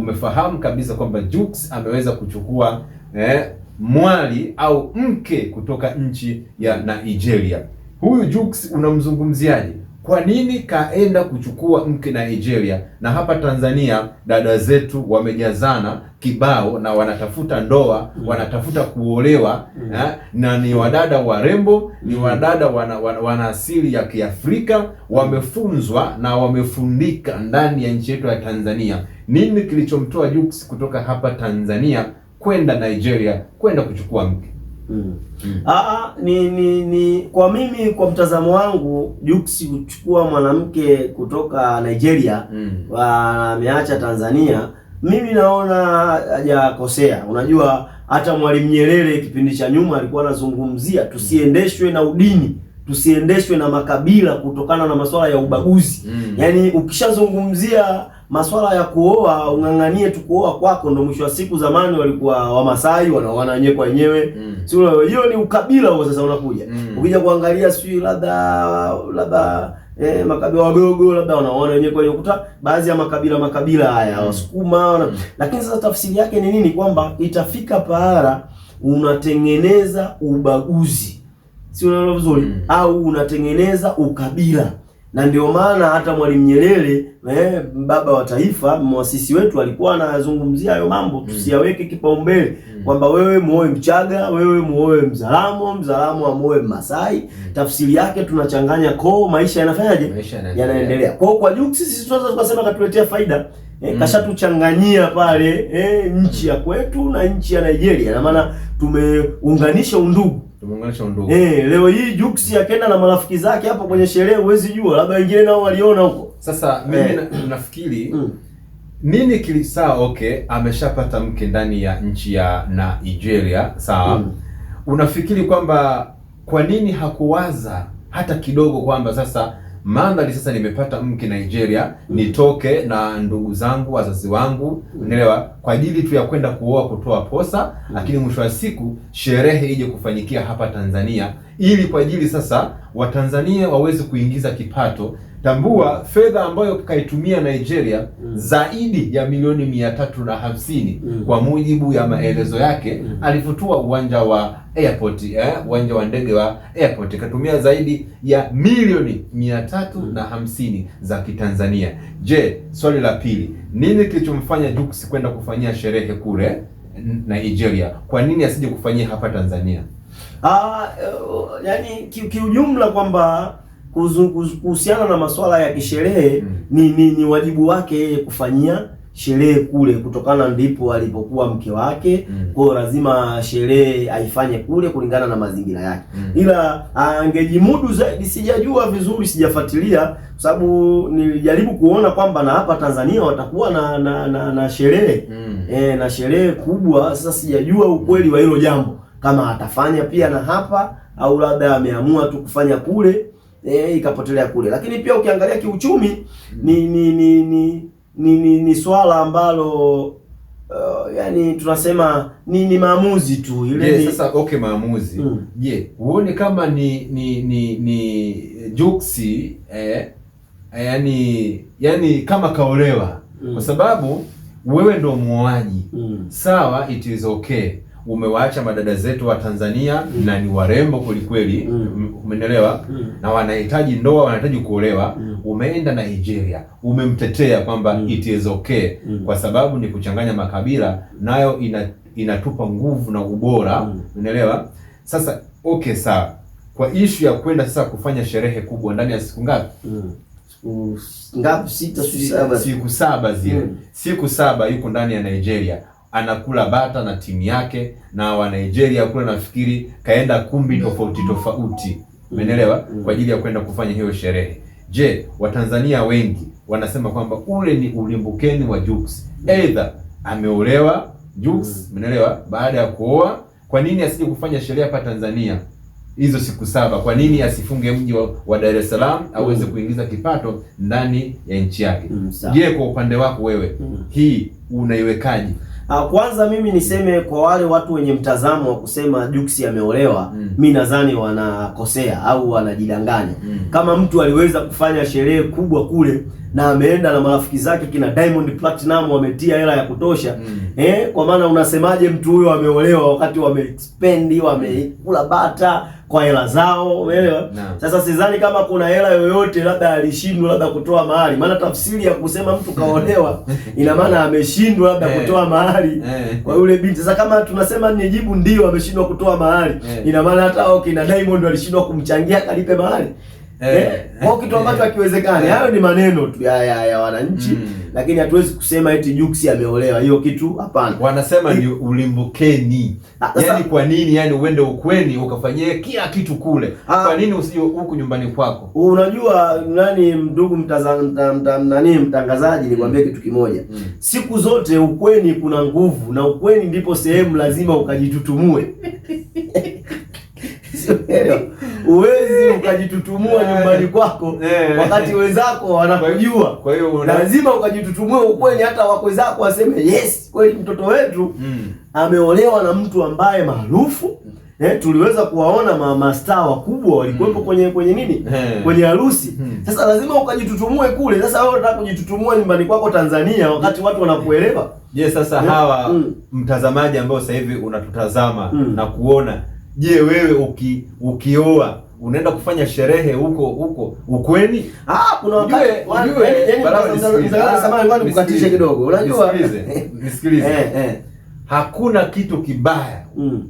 umefahamu kabisa kwamba Jux ameweza kuchukua eh, mwali au mke kutoka nchi ya Nigeria. Huyu Jux unamzungumziaje? Kwa nini kaenda kuchukua mke na Nigeria, na hapa Tanzania dada zetu wamejazana kibao na wanatafuta ndoa, mm. wanatafuta kuolewa mm. eh, na ni wadada warembo, ni mm. wadada wana, wana, wana asili ya Kiafrika, wamefunzwa na wamefundika ndani ya nchi yetu ya Tanzania. Nini kilichomtoa Jux kutoka hapa Tanzania kwenda Nigeria kwenda kuchukua mke? mm. mm. Ah, Aa, ah, ni, ni ni kwa mimi kwa mtazamo wangu Jux kuchukua mwanamke kutoka Nigeria mm. wameacha Tanzania, mimi naona hajakosea. Unajua hata Mwalimu Nyerere kipindi cha nyuma alikuwa anazungumzia tusiendeshwe na udini tusiendeshwe na makabila kutokana na masuala ya ubaguzi mm. Yaani ukishazungumzia maswala ya kuoa ung'ang'anie tu kuoa kwako, ndo mwisho wa siku. Zamani walikuwa Wamasai wanaoana wenyewe kwa wenyewe mm. si hiyo ni ukabila huo. Sasa unakuja mm. ukija kuangalia sijui labda labda eh, makabila wadogo labda wanaoana wenyewe kwa wenyewe, kuta baadhi ya makabila makabila haya mm. Wasukuma mm. lakini sasa tafsiri yake ni nini? Kwamba itafika pahala unatengeneza ubaguzi, si unaona vizuri mm. au unatengeneza ukabila na ndio maana hata Mwalimu Nyerere eh, baba wa taifa, mwasisi wetu, alikuwa anazungumzia hayo mambo, mm. tusiyaweke kipaumbele mm. kwamba wewe muoe Mchaga, wewe muoe Mzaramo, Mzaramo amuoe Masai. Mm. Tafsiri yake tunachanganya koo, maisha yanafanyaje, yanaendelea kwao. Kwa juu sisi tunaweza tukasema katuletea faida eh, kashatuchanganyia pale eh, nchi ya kwetu na nchi ya Nigeria, na maana tumeunganisha undugu Tumuunganisha Eh, leo hii Jux akaenda na marafiki zake hapo kwenye sherehe, huwezi jua, labda wengine nao waliona huko. Sasa mimi eh. na, nafikiri mm. nini kili oke okay, ameshapata mke ndani ya nchi ya na Nigeria, sawa. Mm. Unafikiri kwamba kwa nini hakuwaza hata kidogo kwamba sasa mandhari sasa, nimepata mke Nigeria, nitoke na ndugu zangu wazazi wangu, unaelewa, kwa ajili tu ya kwenda kuoa kutoa posa, lakini mwisho wa siku sherehe ije kufanyikia hapa Tanzania, ili kwa ajili sasa Watanzania waweze kuingiza kipato Tambua mm. fedha ambayo kaitumia Nigeria mm. zaidi ya milioni mia tatu na hamsini mm. kwa mujibu ya mm. maelezo yake mm. alifutua uwanja wa airport eh, uwanja wa ndege wa airport katumia zaidi ya milioni mia tatu mm. na hamsini za Kitanzania. Je, swali la pili, nini kilichomfanya Jux kwenda kufanyia sherehe kule Nigeria? Kwa nini asije kufanyia hapa Tanzania? Ah, eh, yani kiujumla ki kwamba kuhusiana na masuala ya kisherehe mm. ni, ni ni wajibu wake yeye kufanyia sherehe kule, kutokana ndipo alipokuwa mke wake mm. Kwa lazima sherehe aifanye kule kulingana na mazingira yake mm. Ila ah, angejimudu zaidi, sijajua vizuri, sijafuatilia sababu nilijaribu kuona kwamba na hapa Tanzania watakuwa na na na, na sherehe mm. E, na sherehe kubwa. Sasa sijajua ukweli wa hilo jambo, kama atafanya pia na hapa au labda ameamua tu kufanya kule e, ikapotelea kule. Lakini pia ukiangalia kiuchumi ni ni ni ni, ni, ni, ni swala ambalo Uh, yani tunasema ni ni maamuzi tu ile yeah, ni... Sasa okay, maamuzi mm. je? mm. yeah. uone kama ni ni ni ni juksi eh, eh, yani yani kama kaolewa mm. kwa sababu wewe ndo muoaji mm. sawa, it is okay umewaacha madada zetu wa Tanzania mm. na ni warembo kwelikweli, umeelewa mm. mm. na wanahitaji ndoa, wanahitaji kuolewa mm. umeenda Nigeria, umemtetea kwamba mm. it is okay mm. kwa sababu ni kuchanganya makabila, nayo ina, inatupa nguvu na ubora mm. umeelewa sasa. Okay, sawa kwa ishu ya kwenda sasa kufanya sherehe kubwa ndani ya siku ngapi? mm. siku sita, siku saba zile mm. siku saba yuko ndani ya Nigeria anakula bata na timu yake na wa Nigeria kule, nafikiri kaenda kumbi tofauti tofauti, umeelewa, mm. kwa ajili ya kwenda kufanya hiyo sherehe. Je, Watanzania wengi wanasema kwamba ule ni ulimbukeni wa Jux, either ameolewa Jux, mm. umeelewa, baada ya kuoa. Kwa nini asije kufanya sherehe hapa Tanzania hizo siku saba? Kwa nini asifunge mji wa, wa Dar es Salaam aweze mm. kuingiza kipato ndani ya nchi yake? Je, kwa upande wako wewe hii unaiwekaje? Ah, kwanza mimi niseme kwa wale watu wenye mtazamo wa kusema Jux ameolewa, mm. mi nadhani wanakosea au wanajidanganya. mm. kama mtu aliweza kufanya sherehe kubwa kule na ameenda na marafiki zake kina Diamond Platinum wametia hela ya kutosha mm. Eh, kwa maana unasemaje mtu huyo ameolewa wakati wame spend wamekula bata kwa hela zao, umeelewa? Sasa sidhani kama kuna hela yoyote labda alishindwa labda kutoa mahali, maana tafsiri ya kusema mtu kaolewa ina maana ameshindwa labda hey. Eh. kutoa mahali eh. kwa yule binti. Sasa kama tunasema ni jibu ndio ameshindwa kutoa mahali, eh. ina maana hata au kina Diamond walishindwa kumchangia kalipe mahali Eh, eh, eh, Wao kitu ambacho hakiwezekani. Hayo ni maneno tu ya ya, ya wananchi mm. Lakini hatuwezi kusema eti Jux ameolewa, hiyo kitu hapana. Wanasema ni ulimbukeni. Ah, yaani kwa nini yani uende ukweni ukafanyie kila kitu kule? Ah. Kwa nini usije huku nyumbani kwako? Unajua nani, ndugu nani mtangazaji, nikwambie mm. kitu kimoja mm. Siku zote ukweni kuna nguvu, na ukweni ndipo sehemu lazima ukajitutumue uwezi eh. ukajitutumua eh. nyumbani kwako eh. wakati wenzako wanakujua. Kwa hiyo lazima ukajitutumua ukweli hata wakwe zako waseme yes, kweli mtoto wetu mm. ameolewa na mtu ambaye maarufu mm. Eh, tuliweza kuwaona ma mastaa wakubwa walikuwepo mm. kwenye kwenye nini hey. kwenye harusi hmm. Sasa lazima ukajitutumue kule. Sasa wewe unataka kujitutumua nyumbani kwako Tanzania wakati mm. watu wanakuelewa. Je, yes, sasa yeah. hawa hmm. mtazamaji ambao sasa hivi unatutazama hmm. na kuona Je, wewe uki, ukioa unaenda kufanya sherehe huko huko ukweni? Ah, kuna wakati samahani, nikukatishe kidogo. Unajua, nisikilize, eh, eh. hakuna kitu kibaya mm.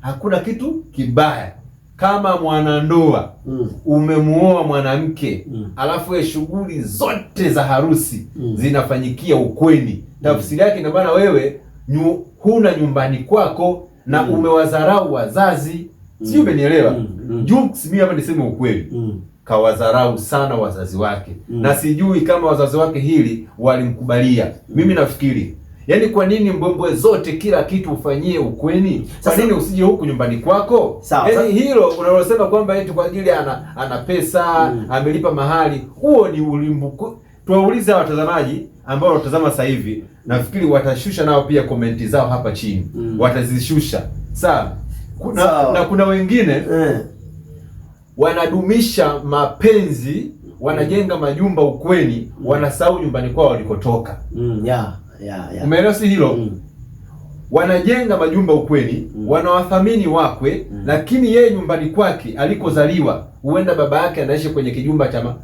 hakuna kitu kibaya kama mwanandoa mm. umemuoa mwanamke mm. alafu shughuli zote za harusi mm. zinafanyikia ukweni, mm. tafsiri mm. yake ina maana wewe nyu, huna nyumbani kwako na mm. umewadharau wazazi mm. sio, umenielewa mm. mm. juu mimi hapa niseme ukweli mm. kawadharau sana wazazi wake mm. na sijui kama wazazi wake hili walimkubalia mm. mimi nafikiri Yaani kwa nini mbwembwe zote kila kitu ufanyie ukweni? Kwa nini usije huku nyumbani kwako? Sawa. Yaani hilo unalosema kwamba eti kwa ajili ana ana pesa, mm. amelipa mahali, huo ni ulimbuko. Tuwaulize watazamaji ambao watazama sasa hivi nafikiri watashusha nao pia komenti zao hapa chini mm. watazishusha sawa kuna, Sao. na kuna wengine eh. wanadumisha mapenzi wanajenga mm. majumba ukweni mm. wanasahau nyumbani kwao walikotoka mm. yeah, yeah, yeah. umeelewa si hilo mm. wanajenga majumba ukweni mm. wanawathamini wakwe mm. lakini yeye nyumbani kwake alikozaliwa huenda baba yake anaishi kwenye kijumba cha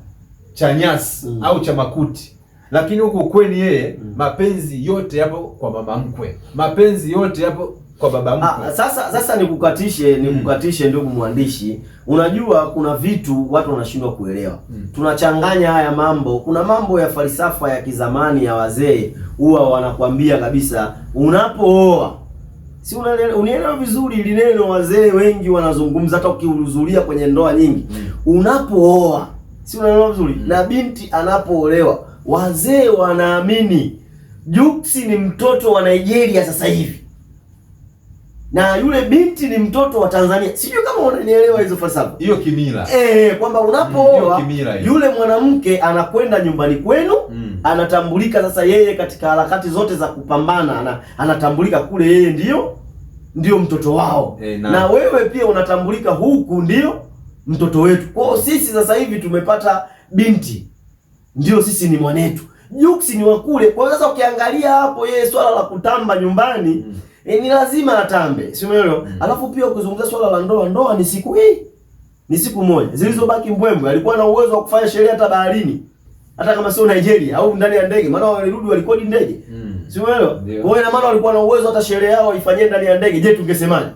cha nyasi mm. au cha makuti lakini huku kweni yeye mm. mapenzi yote yapo kwa mama mkwe, mapenzi yote yapo kwa baba ah, mkwe. Ah, sasa sasa nikukatishe mm. nikukatishe ndugu mwandishi, unajua kuna vitu watu wanashindwa kuelewa hmm. tunachanganya haya mambo. Kuna mambo ya falsafa ya kizamani ya wazee huwa wanakwambia kabisa, unapooa si unielewa vizuri ili neno wazee wengi wanazungumza, hata ukihudhuria kwenye ndoa nyingi mm. unapooa si unaelewa vizuri mm. na binti anapoolewa wazee wanaamini juksi ni mtoto wa Nigeria sasa hivi na yule binti ni mtoto wa Tanzania. Sijui kama unanielewa hizo falsafa, hiyo kimila eh, eh kwamba mm, unapooa yule mwanamke anakwenda nyumbani kwenu mm. Anatambulika sasa yeye katika harakati zote za kupambana ana, anatambulika kule yeye ndio ndio mtoto wao e, na, na wewe pia unatambulika huku ndio mtoto wetu. Kwa hiyo sisi sasa hivi tumepata binti ndio sisi ni mwanetu, Juksi ni wakule. Kwa sasa ukiangalia hapo, yeye swala la kutamba nyumbani mm. E, ni lazima atambe, si umeelewa? mm. Alafu pia ukizungumzia swala la ndoa, ndoa ni siku hii, ni siku moja zilizobaki. Mbwembwe alikuwa na uwezo wa kufanya sheria hata baharini, hata kama sio Nigeria au ndani ya ndege, maana walirudi walikodi ndege mm. si umeelewa? Kwa hiyo maana walikuwa na uwezo hata sheria yao ifanyie ndani ya ndege. Je, tungesemaje?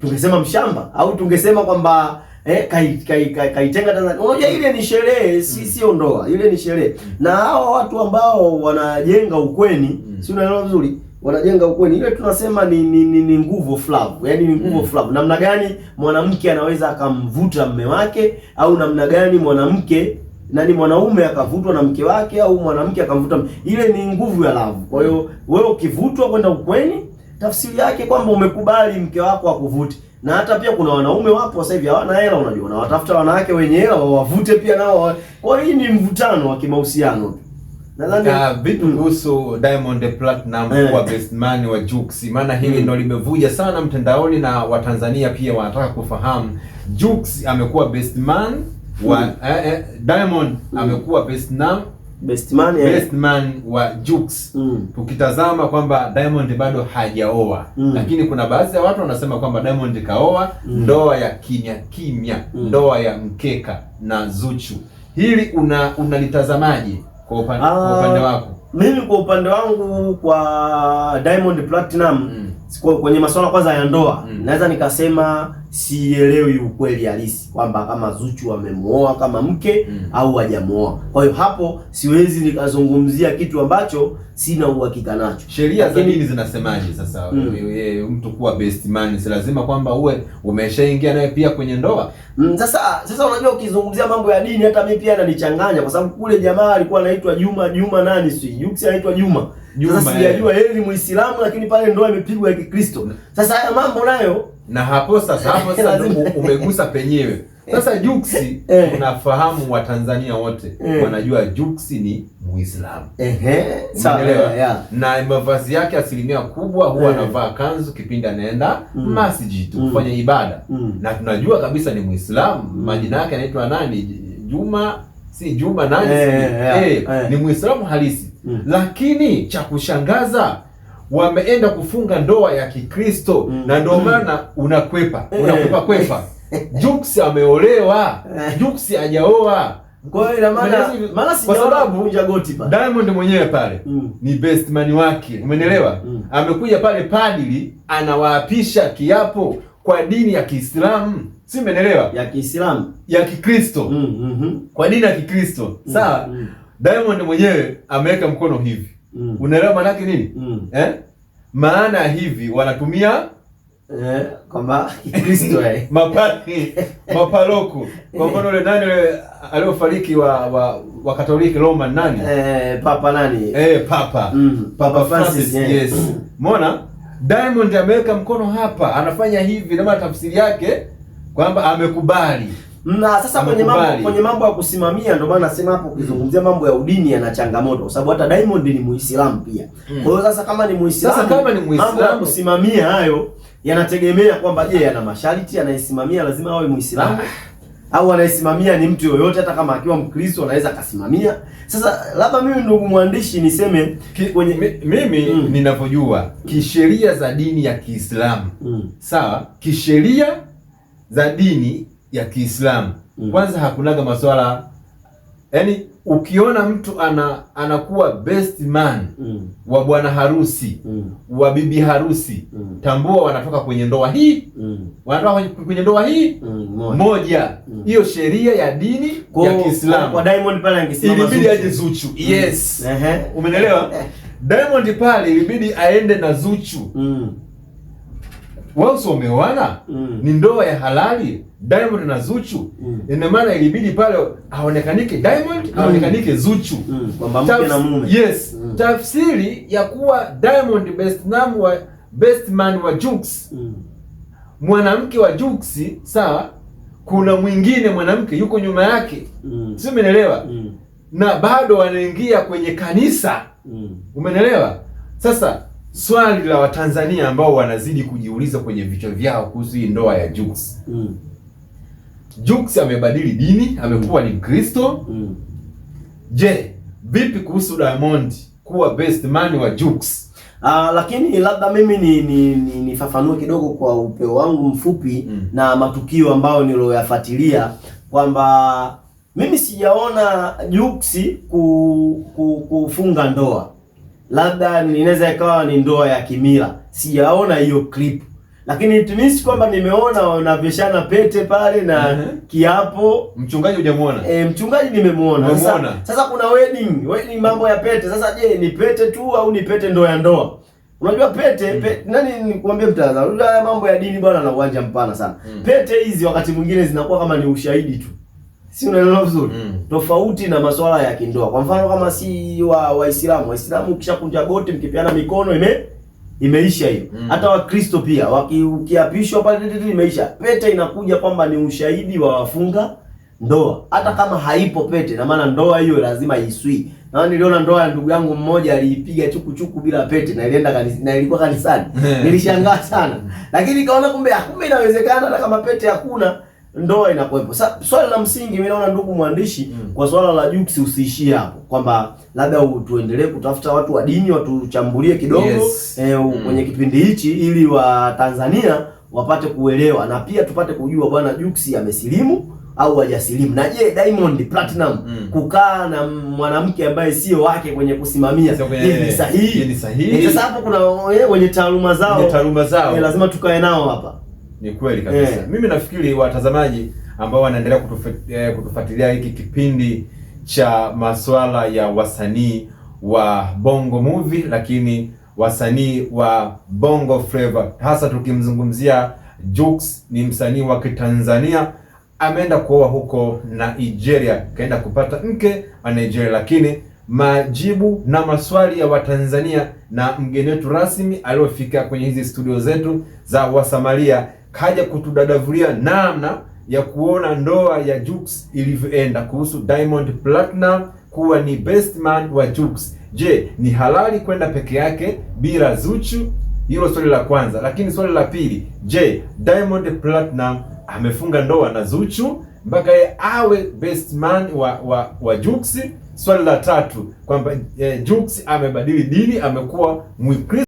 Tungesema mshamba au tungesema kwamba eh, kaitenga kai, kai Tanzania. Unajua mm. ile ni sherehe, mm. si sio ndoa, ile ni sherehe. Mm. Na hao watu ambao wanajenga ukweni, si unaelewa vizuri wanajenga ukweni, ile tunasema ni ni, ni, ni nguvu flavu, yaani ni nguvu mm. flavu. Namna gani mwanamke anaweza akamvuta mme wake, au namna gani mwanamke nani mwanaume akavutwa na mke wake, au mwanamke akamvuta. Ile ni nguvu ya lavu. Kwa hiyo wewe ukivutwa kwenda ukweni, tafsiri yake kwamba umekubali mke wako akuvute na hata pia kuna wanaume wapo sasa hivi hawana hela, unajua, na watafuta wanawake wenye hela wawavute pia nao. Kwa hiyo hii ni mvutano wa kimahusiano. Nadhani ah, vitu mm. kuhusu Diamond Platinum eh, kwa best man wa Jux, maana hili mm, ndo limevuja sana mtandaoni na Watanzania pia wanataka kufahamu. Jux amekuwa best man wa mm, eh, eh, Diamond mm, amekuwa best man best man ya eh? best man wa Jux mm. Tukitazama kwamba Diamond bado hajaoa mm. Lakini kuna baadhi ya watu wanasema kwamba Diamond kaoa mm. Ndoa ya kimya kimya mm. Ndoa ya mkeka na Zuchu, hili una unalitazamaje kwa upande, kwa ah, upande wako? Mimi kwa upande wangu kwa Diamond Platinum mm. Kwenye masuala kwanza ya ndoa mm. Naweza nikasema sielewi ukweli halisi kwamba kama Zuchu amemuoa kama mke mm, au hajamuoa. Kwa hiyo hapo siwezi nikazungumzia kitu ambacho sina uhakika nacho. Sheria za dini zinasemaje sasa? Mm, mtu kuwa best man si lazima kwamba uwe umeshaingia naye pia kwenye ndoa mm. Sasa sasa unajua, ukizungumzia mambo ya dini hata mimi pia ananichanganya kwa sababu kule jamaa alikuwa anaitwa Juma Juma nani si Yuksi anaitwa Juma Juma, sijajua yeye ni Muislamu, lakini pale ndoa imepigwa ya Kikristo. Mm. Sasa haya mambo nayo na hapo sasa, hapo sasa umegusa penyewe eh. sasa. Juksi eh. unafahamu Watanzania wote eh. wanajua Juksi ni Muislamu, unaelewa, na mavazi yake asilimia kubwa huwa anavaa kanzu kipindi anaenda mm. masjid mm. kufanya ibada, mm. na tunajua kabisa ni Muislamu. Majina yake anaitwa nani? Juma si Juma nani? ni Muislamu halisi, lakini cha kushangaza wameenda kufunga ndoa ya Kikristo mm. na ndio mm. maana mm. unakwepa unakwepa eh. kwepa Jux ameolewa, eh. Jux hajaoa. Kwa sababu Diamond mwenyewe pale mm. ni best man wake, umenelewa mm. amekuja pale, padili anawaapisha kiapo kwa dini ya Kiislamu, si umeelewa? ya Kiislamu ya Kikristo mm, mm -hmm. kwa dini ya Kikristo mm, sawa mm. Diamond mwenyewe ameweka mkono hivi Mm. Unaelewa maana yake nini? Mm. Eh? Maana hivi wanatumia eh, Kristo eh. Mapari, maparoko. Kwa mfano yule nani yule aliyofariki wa wa, wa Katoliki Roma nani? Eh, papa nani? Eh, papa. Mm. Papa Francis, Francis yes. Mm. Umeona? Diamond ameweka mkono hapa, anafanya hivi na maana tafsiri yake kwamba amekubali na sasa kwenye mambo, kwenye mambo ya kusimamia, ndio maana nasema hapo kuzungumzia mambo ya udini yana changamoto, kwa sababu hata Diamond ni Muislamu pia. Hmm. Kwa hiyo sasa kama ni Muislamu, mambo ya kusimamia hayo yanategemea kwamba je, yana masharti, anayesimamia lazima awe Muislamu ah. au anayesimamia ni mtu yoyote, hata kama akiwa Mkristo anaweza akasimamia. Sasa labda mimi ndugu mwandishi niseme Ki, kwenye mimi mm, ninavyojua kisheria za dini ya Kiislamu mm, sawa, kisheria za dini ya Kiislamu mm. Kwanza hakunaga masuala yaani, ukiona mtu ana anakuwa best man mm. wa bwana harusi mm. wa bibi harusi mm. tambua wanatoka kwenye ndoa hii mm. wanatoka kwenye ndoa hii mm. moja mm. hiyo mm. sheria ya dini kwa, ya Kiislamu kwa Diamond pale angesimama ilibidi aje Zuchu mm. yes uh -huh. umeelewa Diamond pale ilibidi aende na Zuchu mm. Wao wameoana mm. ni ndoa ya halali Diamond na Zuchu mm. ina maana ilibidi pale aonekanike Diamond mm. aonekanike Zuchu mm. Taf na mume. Yes mm. tafsiri ya kuwa Diamond best man wa best man wa Jux mm. mwanamke wa Jux sawa, kuna mwingine mwanamke yuko nyuma yake mm. sio, umeelewa mm. na bado wanaingia kwenye kanisa mm. umeelewa sasa swali la Watanzania ambao wanazidi kujiuliza kwenye vichwa vyao kuhusu hii ndoa ya Jux. Mm. Jux amebadili dini, amekuwa ni Mkristo. Mm. Je, vipi kuhusu Diamond kuwa best man wa Jux? Uh, lakini labda mimi ni nifafanue ni kidogo kwa upeo wangu mfupi mm. na matukio ambayo niloyafuatilia kwamba mimi sijaona Jux ku, ku, kufunga ndoa labda inaweza ikawa ni ndoa ya kimila, sijaona hiyo clip, lakini tunisi kwamba nimeona wanavyoshana pete pale na uh -huh. kiapo. Mchungaji hujamuona? E, mchungaji nimemuona. Sasa, sasa kuna wedding wedding, mambo ya pete. Sasa je, ni pete tu au ni pete ndo ya ndoa? Unajua pete, mm. pete nani nikwambie mtazamaji, mambo ya dini bwana na uwanja mpana sana mm. pete hizi wakati mwingine zinakuwa kama ni ushahidi tu si unaelewa vizuri mm. Tofauti na masuala ya kindoa, kwa mfano kama si wa Waislamu, Waislamu ukishakunja goti mkipeana mikono ime imeisha hiyo mm. Hata Wakristo pia ukiapishwa pale imeisha. Pete inakuja kwamba ni ushahidi wa wafunga ndoa, hata kama haipo pete, na maana ndoa hiyo lazima iswi. Na niliona ndoa ya ndugu yangu mmoja aliipiga chukuchuku bila pete, na ilienda kanisa, na ilikuwa kanisani nilishangaa sana, lakini kaona kumbe kumbe inawezekana hata kama pete hakuna ndoa inakuwepo. Sasa swali la msingi mimi naona ndugu mwandishi mm. kwa swala la Jux usiishie hapo kwamba labda tuendelee kutafuta watu wa dini watuchambulie kidogo yes. eh, mm. kwenye kipindi hichi ili Watanzania wapate kuelewa na pia tupate kujua bwana Jux amesilimu au hajasilimu. Na je, Diamond Platinum mm. kukaa na mwanamke ambaye sio wake kwenye kusimamia ni sahihi? E, sasa hapo kuna e, wenye taaluma zao, taaluma zao. E, lazima tukae nao hapa. Ni kweli kabisa. Eh, mimi nafikiri watazamaji ambao wanaendelea eh, kutufuatilia hiki kipindi cha masuala ya wasanii wa Bongo Movie lakini wasanii wa Bongo Flava hasa tukimzungumzia Jux, ni msanii wa Kitanzania ameenda kuoa huko na Nigeria, kaenda kupata mke wa Nigeria, lakini majibu na maswali ya Watanzania na mgeni wetu rasmi aliyofika kwenye hizi studio zetu za Wasamalia kaja kutudadavulia namna ya kuona ndoa ya Jux ilivyoenda kuhusu Diamond Platinum kuwa ni best man wa Jux. Je, ni halali kwenda peke yake bila Zuchu? Hilo swali la kwanza, lakini swali la pili, je, Diamond Platinum amefunga ndoa na Zuchu mpaka yeye awe best man wa wa, wa Jux? Swali la tatu kwamba eh, Jux amebadili dini, amekuwa Mwikristo.